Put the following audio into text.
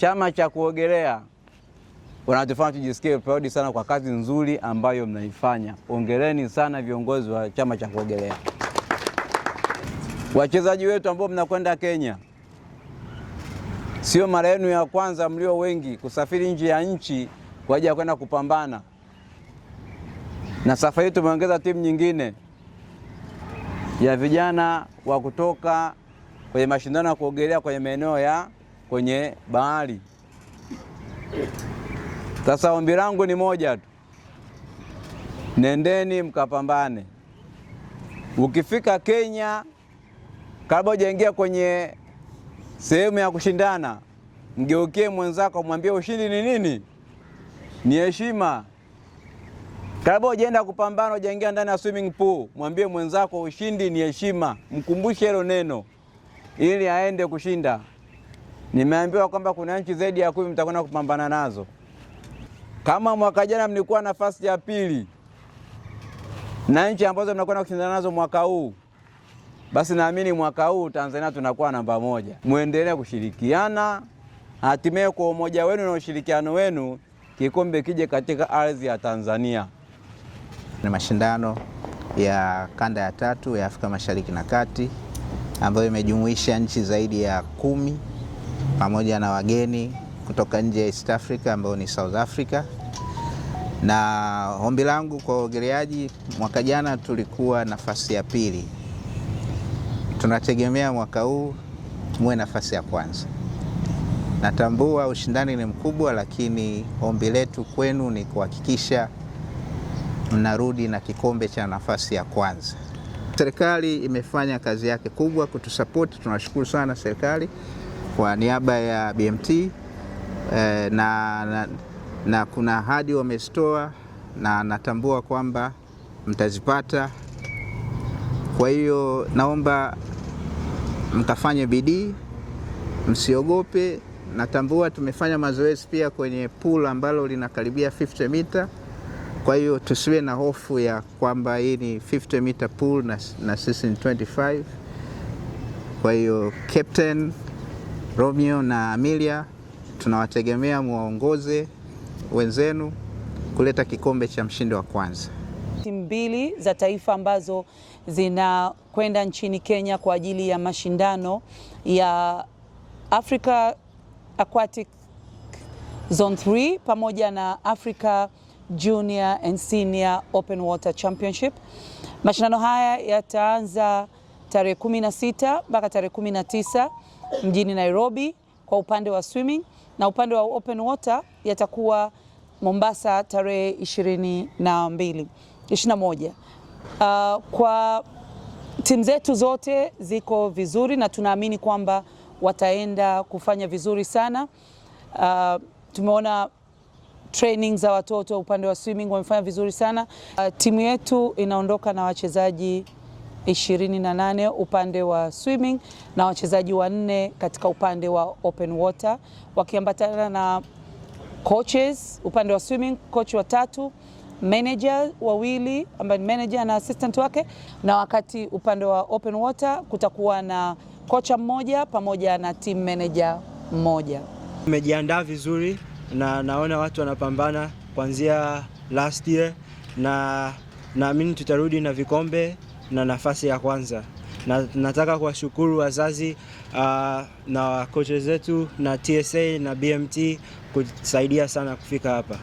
chama cha kuogelea, wanatufanya tujisikie proud sana kwa kazi nzuri ambayo mnaifanya. Ongereni sana viongozi wa chama cha kuogelea. Wachezaji wetu ambao mnakwenda Kenya, sio mara yenu ya kwanza mlio wengi kusafiri nje ya nchi kwa ajili ya kwenda kupambana, na safari hii tumeongeza timu nyingine ya vijana wa kutoka kwenye mashindano ya kuogelea kwenye maeneo ya kwenye bahari. Sasa ombi langu ni moja tu, nendeni mkapambane. Ukifika Kenya, kabla hujaingia kwenye sehemu ya kushindana, mgeukie mwenzako, mwambie ushindi ni nini? Ni heshima. Kabla hujaenda kupambana, hujaingia ndani ya swimming pool, mwambie mwenzako ushindi ni heshima, mkumbushe hilo neno ili aende kushinda. Nimeambiwa kwamba kuna nchi zaidi ya kumi mtakwenda kupambana nazo. Kama mwaka jana mlikuwa nafasi ya pili na nchi ambazo mnakwenda kushindana nazo mwaka huu, basi naamini mwaka huu Tanzania tunakuwa namba moja. Muendelee kushirikiana, hatimaye kwa umoja wenu na ushirikiano wenu kikombe kije katika ardhi ya Tanzania. ni mashindano ya kanda ya tatu ya Afrika Mashariki na Kati ambayo imejumuisha nchi zaidi ya kumi pamoja na wageni kutoka nje ya East Africa ambao ni South Africa. Na ombi langu kwa waogeleaji, mwaka jana tulikuwa nafasi ya pili, tunategemea mwaka huu muwe nafasi ya kwanza. Natambua ushindani ni mkubwa, lakini ombi letu kwenu ni kuhakikisha mnarudi na kikombe cha nafasi ya kwanza. Serikali imefanya kazi yake kubwa kutusapoti, tunashukuru sana serikali kwa niaba ya BMT eh, na, na, na kuna ahadi wamezitoa na natambua kwamba mtazipata. Kwa hiyo naomba mkafanye bidii, msiogope. Natambua tumefanya mazoezi pia kwenye pool ambalo linakaribia 50 mita, kwa hiyo tusiwe na hofu ya kwamba hii ni 50 mita pool na, na sisi ni 25. Kwa hiyo captain Romeo na Amelia, tunawategemea muwaongoze wenzenu kuleta kikombe cha mshindi wa kwanza. Timu mbili za taifa ambazo zinakwenda nchini Kenya kwa ajili ya mashindano ya Africa Aquatic Zone 3 pamoja na Africa Junior and Senior Open Water Championship. Mashindano haya yataanza tarehe 16 mpaka tarehe 19 mjini Nairobi kwa upande wa swimming na upande wa open water yatakuwa Mombasa tarehe ishirini na mbili ishirini na moja. Uh, kwa timu zetu zote ziko vizuri na tunaamini kwamba wataenda kufanya vizuri sana. Uh, tumeona training za watoto upande wa swimming wamefanya vizuri sana. Uh, timu yetu inaondoka na wachezaji 28 upande wa swimming na wachezaji wanne katika upande wa open water wakiambatana na coaches upande wa swimming, coach watatu, manager wawili ambaye manager na assistant wake, na wakati upande wa open water kutakuwa na kocha mmoja pamoja na team manager mmoja. Tumejiandaa vizuri na naona watu wanapambana kuanzia last year na naamini tutarudi na vikombe na nafasi ya kwanza na, nataka kuwashukuru wazazi uh, na kocha zetu na TSA na BMT kusaidia sana kufika hapa.